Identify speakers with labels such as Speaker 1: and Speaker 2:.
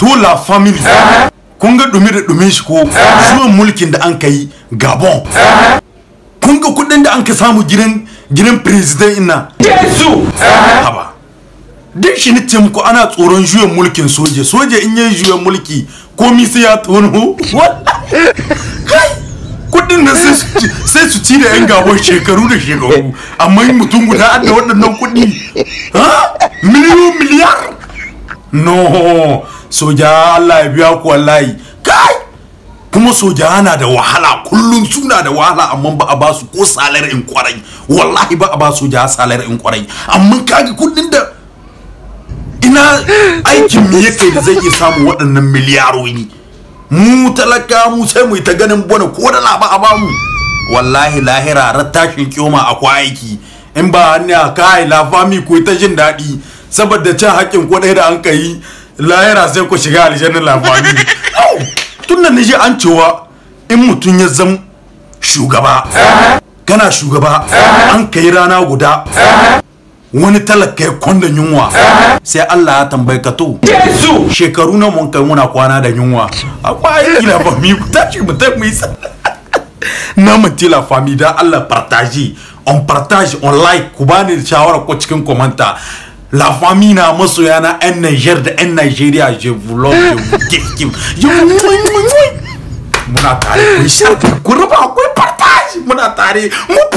Speaker 1: tula families kun ga dumi da dumin shi ko zuwa mulkin da an kai gabon kun ga kudin da an ka samu gidan gidan president ina jesu haba din shi ni muku ana tsoron juyen mulkin soje soje in yi juyen mulki komi sai ya tono kudin da sai su ci da yan gabon shekaru da shekaru amma mutum guda an da waɗannan kudi ha miliyon miliyar no soja Allah ya biya ku wallahi kai kuma soja na da wahala kullum suna da wahala amma ba a ba su ko salar in kwarai wallahi ba a ba soja salar in kwarai amma kage kudin da ina aikin me yake da zai iya samu waɗannan miliyaroyi mu talaka mu sai mu ta ganin bana ko da ba a ba mu wallahi lahira rattashin kyoma akwai aiki in ba hanya kai lafami ku ta jin daɗi saboda cin haƙƙin kuɗai da an kai lahira sai ku shiga aljanna lafani tun da naje an cewa in mutum ya zan shugaba kana shugaba an kai rana guda wani talaka ya kwanda yunwa sai Allah ya tambaye ka to shekaru na mun kai muna kwana da yunwa akwai kila ba mi tashi mu tafi na mace la famille da Allah partage on partage on like ku bani shawara ko cikin komanta La famille na masoya na 'yan Niger da 'yan Nigeria je vous je vous Je vous muna tare ku yi ku raba ku partage muna tare mu